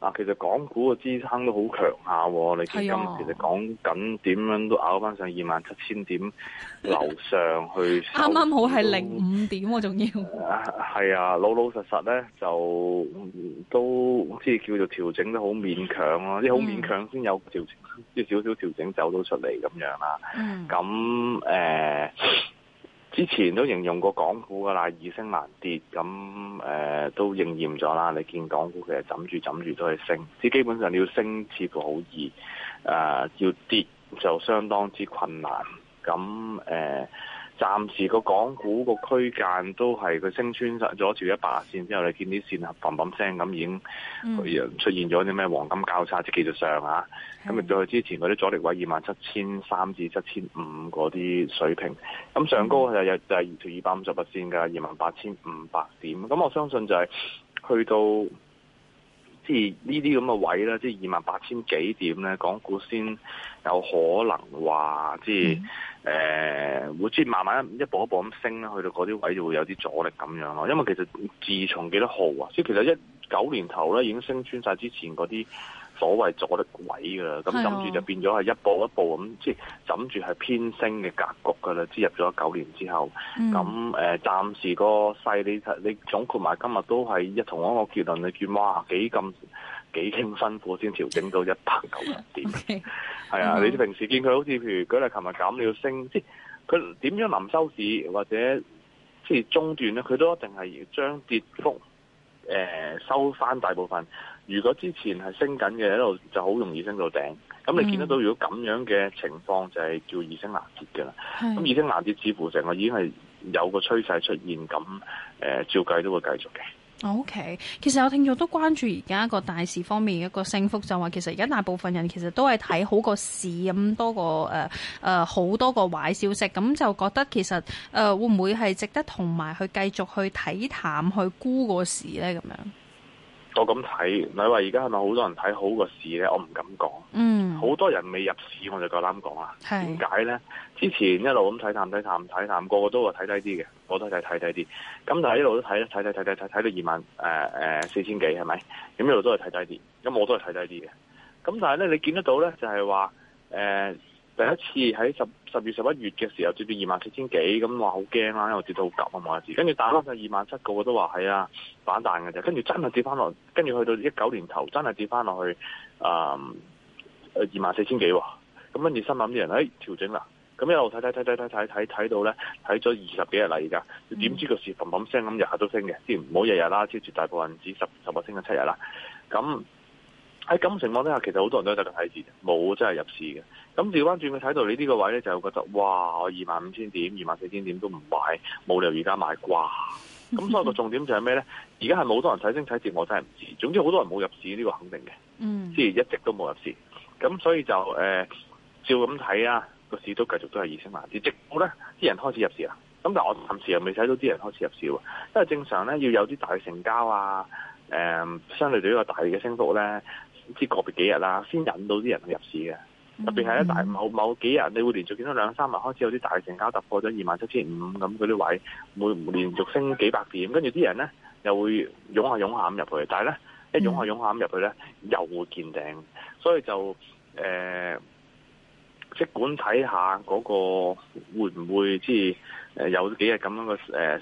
啊、其實港股嘅支撐都好強下，啊，你見今日，哦、其實講緊點樣都咬翻上二萬七千點樓上去。啱啱 好係零五點，啊，我仲要，係、呃、啊，老老實實咧就都即係叫做調整得好勉強咯，啊，即係好勉強先有調整，即少少調整走到出嚟咁樣啦，啊。咁、嗯 之前都形容過港股噶啦，易升難跌，咁誒、呃、都應驗咗啦。你見港股其實枕住枕住都係升，即係基本上你要升似乎好易，誒、呃、要跌就相當之困難。咁誒。呃暫時個港股個區間都係佢升穿咗條一百線之後，你見啲線啊砰砰聲咁已經出現咗啲咩黃金交叉，即係技術上啊。咁到對之前嗰啲阻力位二萬七千三至七千五嗰啲水平，咁上高就又係二條二百五十八線㗎，二萬八千五百點。咁我相信就係去到。即係呢啲咁嘅位啦，即係二萬八千幾點咧，港股先有可能話，即係誒會即係慢慢一步一步咁升啦，去到嗰啲位就會有啲阻力咁樣咯。因為其實自從幾多號啊？即係其實一九年頭咧已經升穿晒之前嗰啲。所謂阻得鬼㗎，咁諗住就變咗係一步一步咁，即係諗住係偏升嘅格局㗎啦。之入咗九年之後，咁誒、嗯、暫時個勢你你總括埋今日都係一同一個結論，你見哇幾咁幾經辛苦先調整到一百九十點，係 Okay, 啊！嗯、你平時見佢好似譬如舉例，琴日減了升，即係佢點樣臨收市或者即係、就是、中段咧，佢都一定係要將跌幅、呃、收翻大部分。如果之前係升緊嘅一路，就好容易升到頂。咁你見得到，如果咁樣嘅情況、嗯、就係叫易升難跌嘅啦。咁易升難跌似乎成個已經係有個趨勢出現，咁、呃、照計都會繼續嘅。OK，其實有聽眾都關注而家一個大市方面一個升幅，就話其實而家大部分人其實都係睇好個市咁多個呃、呃、好多個壞消息，咁就覺得其實、呃、會唔會係值得同埋去繼續去睇淡去估個市咧咁樣？我咁睇，你話而家係咪好多人睇好個市咧？我唔敢講。嗯，好多人未入市，我就夠膽講啦。係。點解咧？之前一路咁睇淡睇淡睇淡，個個都話睇低啲嘅，我都係睇低啲。咁但係一路都睇睇睇睇睇睇睇到二萬、呃、四千幾係咪？咁一路都係睇低啲，咁我都係睇低啲嘅。咁但係咧，你見得到咧，就係話，呃第一次喺十十月十一月嘅時候跌到二萬四千幾，咁話好驚啦，因為跌到好急啊，嘛。嗰時。跟住打開就二萬七個，我都話係啊，反彈嘅啫。跟住真係跌翻落，跟住去到一九年頭真係跌翻落去啊，二萬四千幾。咁跟住心諗啲人誒、哎、調整啦，咁一路睇睇睇睇睇睇睇睇到咧，睇咗二十幾日，而家點知個市砰砰聲咁日日都升嘅？先唔好日日啦，先絕大部分只十十日升咗七日啦。咁喺咁情況之下，其實好多人都喺度睇住，冇真係入市嘅。咁調翻轉，去睇到你呢個位咧，就覺得哇，我二萬五千點、二萬四千點都唔買，冇理由而家買啩。咁 所以個重點就係咩咧？而家係冇多人睇升睇跌，我真係唔知。總之好多人冇入市，呢、呢個肯定嘅。嗯。即係一直都冇入市。咁所以就、呃、照咁睇啊，個市都繼續都係易升難跌。直到咧啲人開始入市啦。咁但我暫時又未睇到啲人開始入市喎，因為正常咧要有啲大嘅成交啊，嗯、相對住一個大嘅升幅咧。知個別幾日啦、啊，先引到啲人去入市嘅，特別係一大某某幾日，你會連續見到兩三日開始有啲大成交，突破咗二萬七千五咁嗰啲位，會唔會連續升幾百點，跟住啲人咧又會湧下湧下咁入去，但係咧一湧下湧下咁入去咧又會見頂，所以就誒。呃即管睇下嗰個會唔會即係有幾日咁樣嘅誒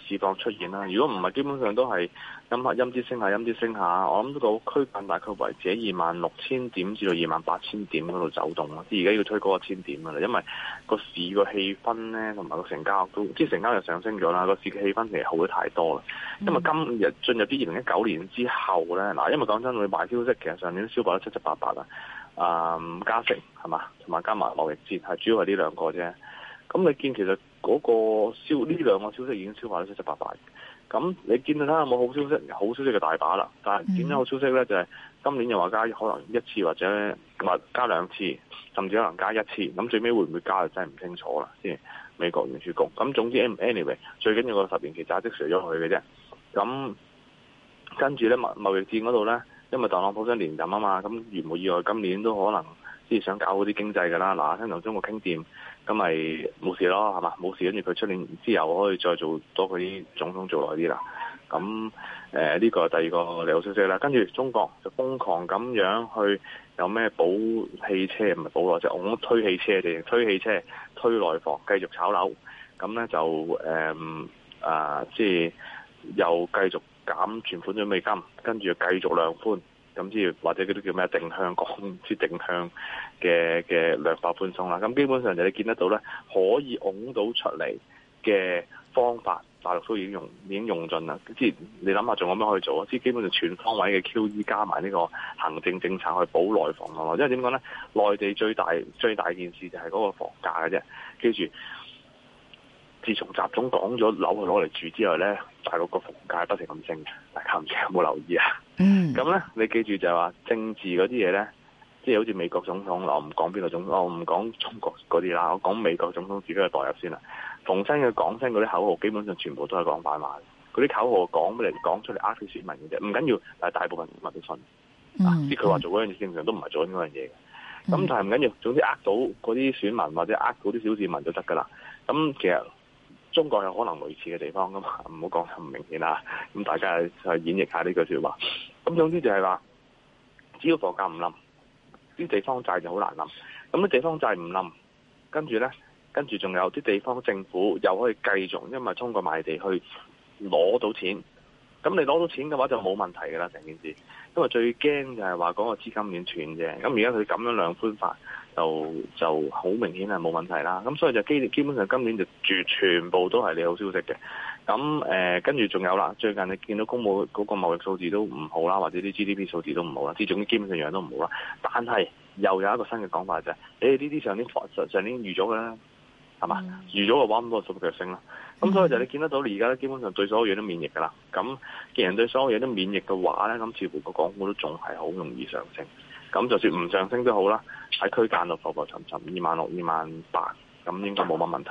市況出現啦？如果唔係，基本上都係陰啲升下陰啲升下。我諗到區間大概維持喺二萬六千點至到二萬八千點嗰度走動咯。而家要推嗰個千點嘅啦，因為個市個氣氛咧同埋個成交即係成交又上升咗啦。個市嘅氣氛其實好咗太多啦。因為今日進入啲二零一九年之後咧，嗱，因為講真，佢賣消息其實上年都消化得七七八八啦。啊、um，加息係嘛，同埋加埋貿易戰，係主要係呢兩個啫。咁你見其實嗰個消呢、嗯、兩個消息已經消化得七七八八嘅。咁你見到睇下有冇好消息，好消息就大把啦。但係見到好消息咧，就係、是、今年又話加可能一次或者加兩次，甚至可能加一次。咁最尾會唔會加就真係唔清楚啦。先美國聯儲局。咁總之 anyway，最緊要個十年期債息除咗佢嘅啫。咁跟住咧貿貿易戰嗰度咧。因為特朗普想連任啊嘛，咁如無意外今年都可能即係想搞好啲經濟㗎啦。嗱，聽同中國傾掂，咁咪冇事咯，係嘛冇事。跟住佢出年之後可以再做多佢啲總統做耐啲啦。咁呢、呃呢個第二個利好消息啦。跟住中國就瘋狂咁樣去有咩保汽車唔係保內地，我、即係、推汽車定、即係、推汽車推內房，繼續炒樓。咁呢就誒、呃呃、即係又繼續。減存款準備金，跟住繼續量寬，咁即係或者嗰啲叫咩定向降息、定向嘅嘅量化寬鬆啦。咁基本上就你見得到咧，可以擁到出嚟嘅方法，大陸都已經用已經用盡啦。即係你諗下仲有咩可以做啊？即係基本上全方位嘅 QE 加埋呢個行政政策去保內房咯。因為點講咧，內地最大最大件事就係嗰個房價嘅啫。記住。自從習總講咗樓係攞嚟住之後咧，大陸個房價不停咁升，大家唔知有冇留意啊？咁咧、mm hmm.，你記住就係話政治嗰啲嘢咧，即係好似美國總統，我唔講邊個總統，我唔講中國嗰啲啦，我講美國總統自己嘅代入先啦。凡係佢講出嗰啲口號，基本上全部都係講反話。嗰啲口號講嚟講出嚟呃佢選民嘅啫，唔緊要。但係大部分未必信，即佢話做嗰樣嘢，正常都唔係做呢樣嘢嘅。咁但係唔緊要，總之呃到嗰啲選民或者呃到啲小市民就得㗎喇。咁其實。中國有可能類似嘅地方，咁唔好講咁明顯啦。咁大家去演繹一下呢句説話。咁總之就係話，只要房價唔冧，啲地方債就好難冧。咁啲地方債唔冧，跟住呢，跟住仲有啲地方政府又可以繼續，因為通過賣地去攞到錢。咁你攞到錢嘅話就冇問題噶啦，成件事，因為最驚就係話嗰個資金鏈斷啫。咁而家佢咁樣量寬法就就好明顯係冇問題啦。咁所以就基基本上今年就住全部都係利好消息嘅。咁誒跟住仲有啦，最近你見到公務嗰個貿易數字都唔好啦，或者啲 GDP 數字都唔好啦，之總之基本上樣樣都唔好啦。但係又有一個新嘅講法就係、是，誒呢啲上年上上年預咗嘅啦，係嘛、嗯、預咗嘅話咁多、那個、數據升啦。咁、嗯、所以就你見得到你而家咧，基本上對所有嘢都免疫㗎啦。咁既然對所有嘢都免疫嘅話咧，咁似乎個港股都仲係好容易上升。咁就算唔上升都好啦，喺區間度浮浮沉沉，二萬六、二萬八，咁應該冇乜問題。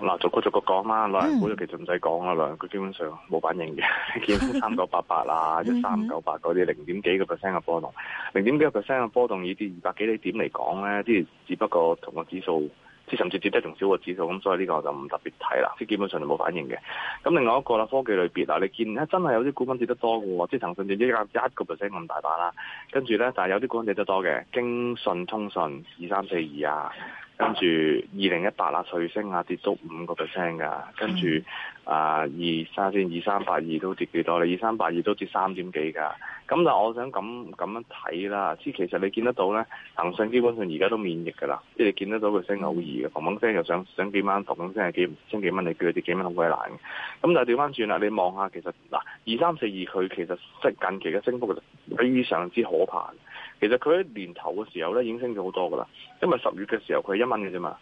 嗱，逐個逐個講啦。內銀股就其實唔使講啦，內銀佢基本上冇反應嘅。你見翻三九八八啊，一三九八嗰啲零點幾個 percent 嘅波動，零點幾個 percent 嘅波動以跌二百幾呢點嚟講咧，啲只不過同個指數，即係甚至跌得仲少過指數。咁所以呢個就唔特別睇啦。即係基本上就冇反應嘅。咁另外一個啦，科技類別啦，你見真係有啲股份跌得多嘅喎，即係騰訊跌一一個 percent 咁大把啦。跟住咧，但係有啲股份跌得多嘅，京信通信二三四二啊。跟住二零一八啊，碎升啊，跌足五個 percent 噶。跟住啊，二三下先，二三八二都跌幾多咧？二三八二都跌三點幾噶。咁但係我想咁咁樣睇啦，即係其實你見得到咧，騰訊基本上而家都免疫噶啦，即係見得到佢升偶爾嘅，嘣嘣聲又想想幾蚊，嘣嘣聲係幾千幾蚊，你叫佢跌幾蚊好鬼難嘅。咁就調翻轉啦，你望下其實嗱，二三四二佢其實即係近期嘅升幅其實非常之可怕。其實佢喺年頭嘅時候咧已經升咗好多噶啦，因為十月嘅時候佢係一蚊嘅啫嘛，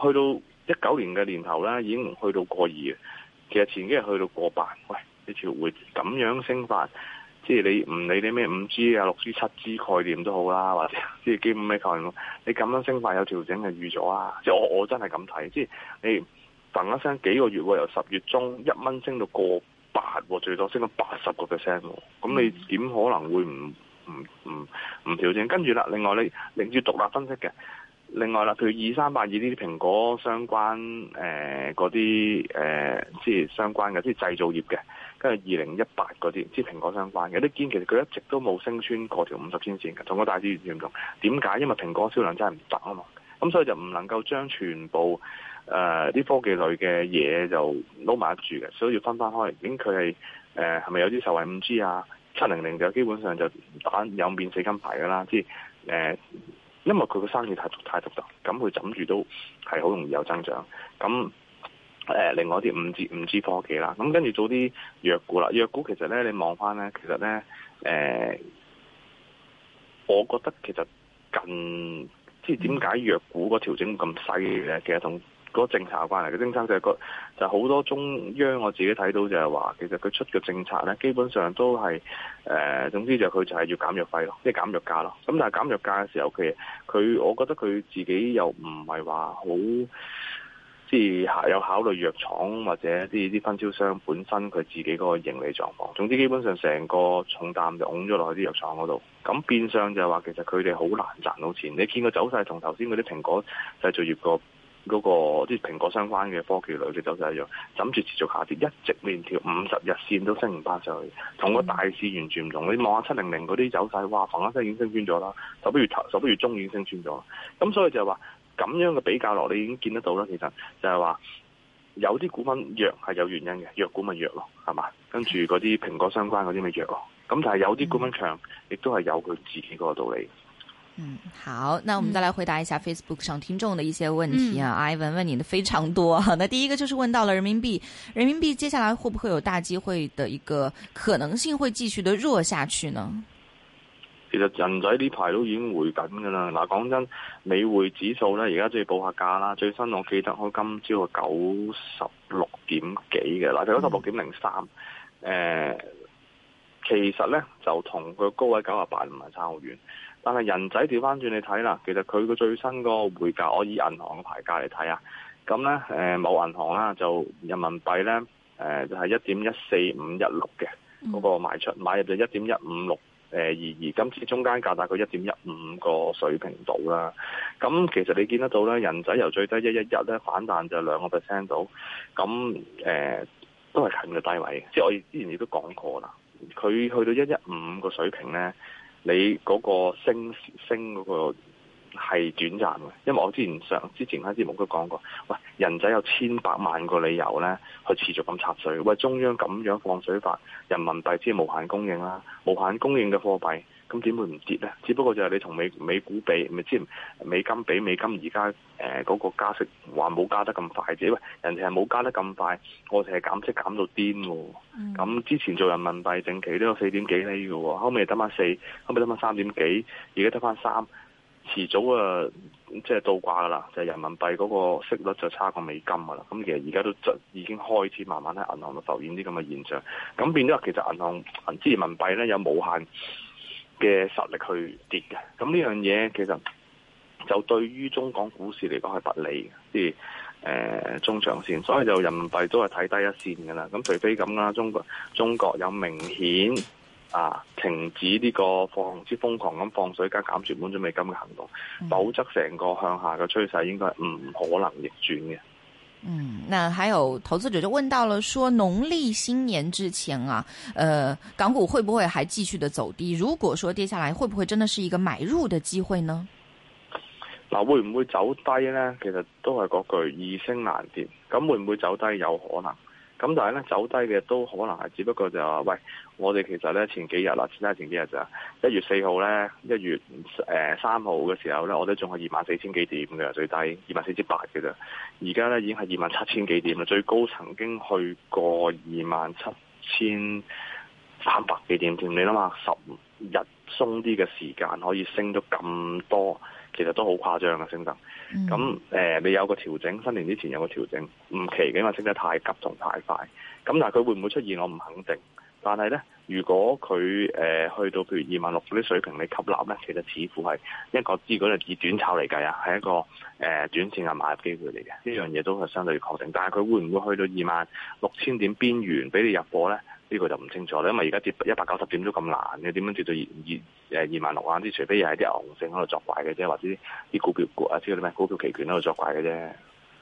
去到一九年嘅年頭咧已經去到過二，其實前幾日去到過百，喂，你調回咁樣升法，即係你唔理你咩五 G 啊六 G 七 G 概念，都好啦，或者即係基五咩概念，你咁樣升法有調整係預咗啊，即係我我真係咁睇，即係你等一聲幾個月喎，由十月中一蚊升到過百喎，最多升到八十個 percent 喎，咁你點可能會唔？唔唔唔調整，跟住啦。另外你領住獨立分析嘅。另外啦，譬如二三八二呢啲蘋果相關誒嗰啲誒，即、呃、係、呃、相關嘅，即係製造業嘅。跟住二零一八嗰啲，即係蘋果相關嘅。啲堅其實佢一直都冇升穿過條五十天線嘅，同個大市完全唔同。點解？因為蘋果銷量真係唔得啊嘛。咁所以就唔能夠將全部誒啲、呃、科技類嘅嘢就攞埋一住嘅，所以要分返開。究竟佢係誒係咪有啲受惠五 G 啊？七零零就基本上就打有免死金牌噶啦，即係誒，因為佢個生意太獨太獨特，咁佢枕住都係好容易有增長。咁誒、呃，另外啲五 G 五 G 科技啦，咁跟住做啲藥股啦，藥股其實咧你望翻咧，其實咧誒、呃，我覺得其實近即係點解藥股個調整咁犀利嘅，嗯、其實同。個政策關係嘅、那個、政策就係個就係好多中央，我自己睇到就係話，其實佢出嘅政策咧，基本上都係誒、呃，總之就佢就係要減藥費咯，即、就、係、是、減藥價咯。咁但係減藥價嘅時候，佢佢，我覺得佢自己又唔係話好，即係有考慮藥廠或者啲啲分銷商本身佢自己嗰個盈利狀況。總之基本上成個重擔就拱咗落去啲藥廠嗰度。咁變相就係話，其實佢哋好難賺到錢。你見佢走晒，同頭先嗰啲蘋果製造業個，嗰個即蘋果相關嘅科技類嘅走勢一樣，枕住持續下跌，一直連條五十日線都升唔翻上去，同個大市完全唔同。你望下七零零嗰啲走勢，哇，房間聲已經升穿咗啦，十一月頭、十一月中已經升穿咗，咁所以就係話咁樣嘅比較落，你已經見得到啦。其實就係話有啲股份弱係有原因嘅，弱股咪弱咯，係嘛？跟住嗰啲蘋果相關嗰啲咪弱咯。咁但係有啲股份強，亦都係有佢自己嗰個道理。嗯、好，那我們再來回答一下 Facebook 上聽眾的一些問題啊。嗯、Ivan 問你的非常多，哈，那第一個就是問到了人民幣，人民幣接下來會不會有大機會的一個可能性會繼續的弱下去呢？其實人仔呢排都已經回緊噶啦，嗱，講真，美匯指數呢，而家都要報下價啦。最新我記得開今朝嘅九十六點幾嘅，嗱，九十六點零三，誒、呃，其實呢，就同佢高位九十八唔係差好遠。但係人仔調翻轉你睇啦，其實佢個最新個匯價，我以銀行嘅牌價嚟睇啊，咁咧某銀行啦就人民幣咧就係一點一四五一六嘅嗰個賣出，買入就一點一五六誒二二，今次中間價大概一點一五個水平度啦。咁其實你見得到咧，人仔由最低一一一咧反彈就兩個 percent 度，咁誒都係近嘅低位。即係我哋之前亦都講過啦，佢去到一一五個水平咧，你嗰個升升嗰個係短暫嘅，因為我之前上之前開節目都講過，喂，人仔有千百萬個理由咧，去持續咁插水，喂，中央咁樣放水法，人民幣即係無限供應啦，無限供應嘅貨幣。咁點會唔跌咧？只不過就係你同美美股比，咪之前美金比美金，而家誒嗰個加息還冇加得咁快啫。喂，人哋係冇加得咁快，我哋係減息減到癲喎。咁、mm. 之前做人民幣定期都有四點幾釐嘅喎，後尾等返四，後尾等返三點幾，而家得翻三，遲早啊，即係倒掛噶啦。就係、是就是、人民幣嗰個息率就差過美金噶啦。咁其實而家都已經開始慢慢喺銀行度浮現啲咁嘅現象，咁變咗其實銀行之人民幣咧有冇限嘅實力去跌嘅，咁呢樣嘢其實就對於中港股市嚟講係不利嘅，即係、就、誒、是呃、中長線，所以就人民幣都係睇低一線噶啦。咁除非咁啦，中國中國有明顯啊停止呢個放之瘋狂咁放水加減存款準備金嘅行動，嗯、否則成個向下嘅趨勢應該係唔可能逆轉嘅。嗯，那還有投資者就問到了，說農曆新年之前啊，呃，港股會不會還繼續的走低？如果說跌下來，會不會真的是一個買入的機會呢？嗱，會唔會走低呢？其實都係嗰句易升難跌，咁會唔會走低？有可能。咁但係咧走低嘅都可能係，只不過就話喂，我哋其實咧前幾日啦，前幾日就一月四號咧，一月誒三號嘅時候咧，我都仲係二萬四千幾點嘅最低，二萬四千八嘅啫。而家咧已經係二萬七千幾點啦，最高曾經去過二萬七千三百幾點添。你諗下十日鬆啲嘅時間可以升咗咁多。其實都好誇張啊，升得咁誒。你有個調整，新年之前有個調整，唔奇嘅嘛。因為升得太急同太快，咁但係佢會唔會出現，我唔肯定。但係咧，如果佢誒、呃、去到譬如二萬六啲水平，你吸納咧，其實似乎係一個只管以短炒嚟計啊，係一個誒、呃、短線嘅買入機會嚟嘅。呢、嗯、樣嘢都係相對確定，但係佢會唔會去到二萬六千點邊緣俾你入貨咧？呢個就唔清楚啦，因為而家跌一百九十點都咁難嘅，點樣跌到二二誒二萬六啊？啲除非又係啲牛性喺度作怪嘅啫，或者啲股票股啊，即啲咩股票期權喺度作怪嘅啫。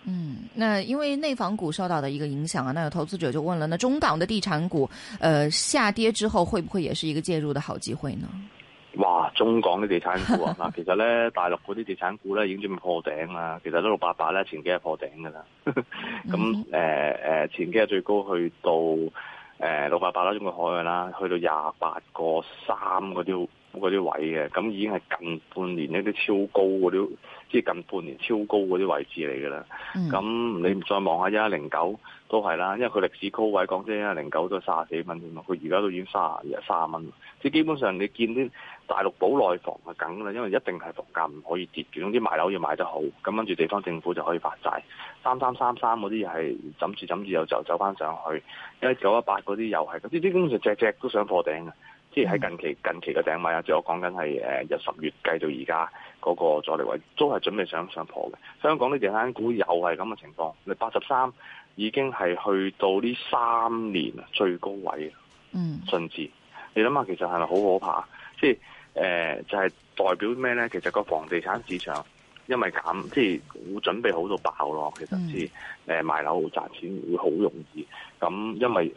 嗯，那因為內房股受到嘅一個影響啊，那有投資者就問了，那中港嘅地產股，呃下跌之後，會唔會也是一個介入嘅好機會呢？哇！中港啲地產股啊，嗱， 其實咧，大陸嗰啲地產股咧，已經準備破頂啦，其實都六八八咧，前幾日破頂噶啦。咁誒誒，前幾日最高去到。誒六八八啦，中國海嘅啦，去到廿八個三嗰啲嗰啲位嘅，咁已經係近半年一啲超高嗰啲，即係近半年超高嗰啲位置嚟㗎啦。咁你唔再望下一一零九。都係啦，因為佢歷史高位講真零九都三啊幾蚊添嘛，佢而家都已經三啊三蚊，即係基本上你見啲大陸保內房係梗啦，因為一定係房價唔可以跌，總之賣樓要賣得好，咁跟住地方政府就可以發債，三三三三嗰啲係枕住枕住又就走返上去，因為九一八嗰啲又係，啲啲基本上隻隻都想破頂嘅。即係近期近期嘅頂位啊，即係我講緊係誒，由十月計到而家嗰個阻力位，都係準備上上破嘅。香港啲地產股又係咁嘅情況，八十三已經係去到呢三年最高位。甚至嗯，甚至，你諗下其實係咪好可怕？即係誒，就係、是、代表咩咧？其實個房地產市場，因為減即係會準備好到爆咯，其實是誒賣樓賺錢會好容易。咁、嗯、因為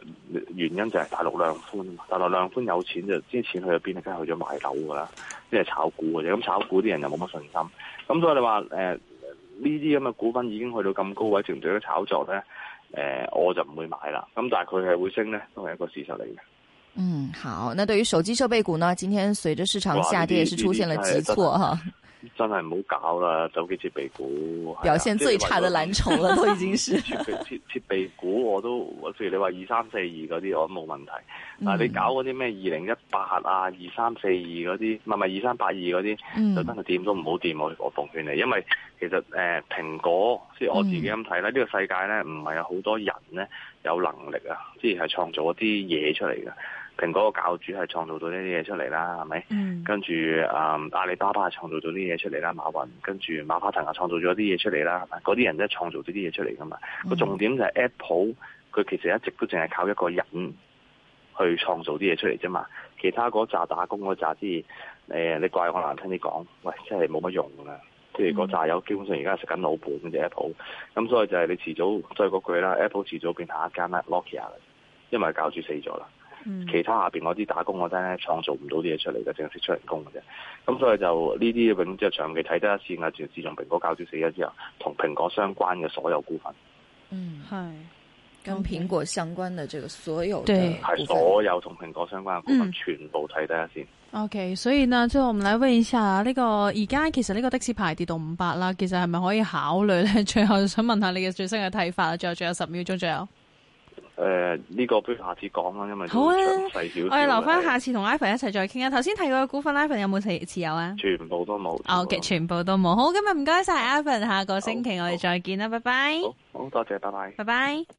原因就係大陸量寬，大陸量寬有錢就之前去咗邊？梗係去咗買樓㗎啦，即、就、係、是、炒股㗎啫。咁炒股啲人又冇乜信心。咁所以你話呢啲咁嘅股份已經去到咁高位，值唔值得炒作咧、呃？我就唔會買啦。咁但係佢係會升咧，都係一個事實嚟嘅。嗯，好。那對於手機設備股呢，今天隨着市場下跌，也是出現了急挫哈。真係唔好搞啦，手機設備股。表現最差嘅藍籌啦都已經是 設備。設備股我都，譬如你話二三四二嗰啲，我冇問題。嗱、嗯，你搞嗰啲咩二零一八啊、二三四二嗰啲，唔係二三八二嗰啲，嗯、就真係掂都唔好掂，我奉勸你。因為其實、呃、蘋果，即係我自己咁睇咧，呢、嗯、個世界咧唔係有好多人咧有能力啊，即係創造一啲嘢出嚟嘅。蘋果個教主係創造咗呢啲嘢出嚟啦，係咪？嗯、跟住誒、嗯，阿里巴巴係創造咗啲嘢出嚟啦，馬雲。跟住馬化騰啊，創造咗啲嘢出嚟啦，係咪？嗰啲人咧創造咗啲嘢出嚟噶嘛？個、嗯、重點就係 Apple，佢其實一直都淨係靠一個人去創造啲嘢出嚟啫嘛。其他嗰扎打工嗰扎，即係誒，你怪我難聽啲講，喂，真係冇乜用噶。即係嗰扎有，基本上而家食緊老本嘅 Apple，咁所以就係你遲早，再嗰句啦，Apple 遲早變了下一間啦，Nokia 啊，因為教主死咗啦。嗯、其他下邊嗰啲打工嗰單咧，創造唔到啲嘢出嚟嘅，正式出人工嘅啫。咁、嗯、所以就呢啲永之係長期睇低一先啊，自從蘋果較短死咗之後，同蘋果相關嘅所有股份。嗯，係，跟蘋果相關嘅這個所有，對，係所有同蘋果相關嘅股份全部睇低一先。O、okay, K，所以呢，最後我嚟問一下呢、這個，而家其實呢個的士牌跌到五百啦，其實係咪可以考慮咧？最後想問下你嘅最新嘅睇法。最後仲有十秒鐘左右。最後誒，呢、呃這個不如下次講啦，因為細一好細、啊、少。我哋留翻下,下次同 Ivan 一齊再傾。啊頭先提過的股份，Ivan 有冇持持有啊？全部都冇。哦，全部都冇。好，今日唔該晒 Ivan，下個星期我哋再見啦，好拜拜。好，多謝,謝，拜拜。拜拜。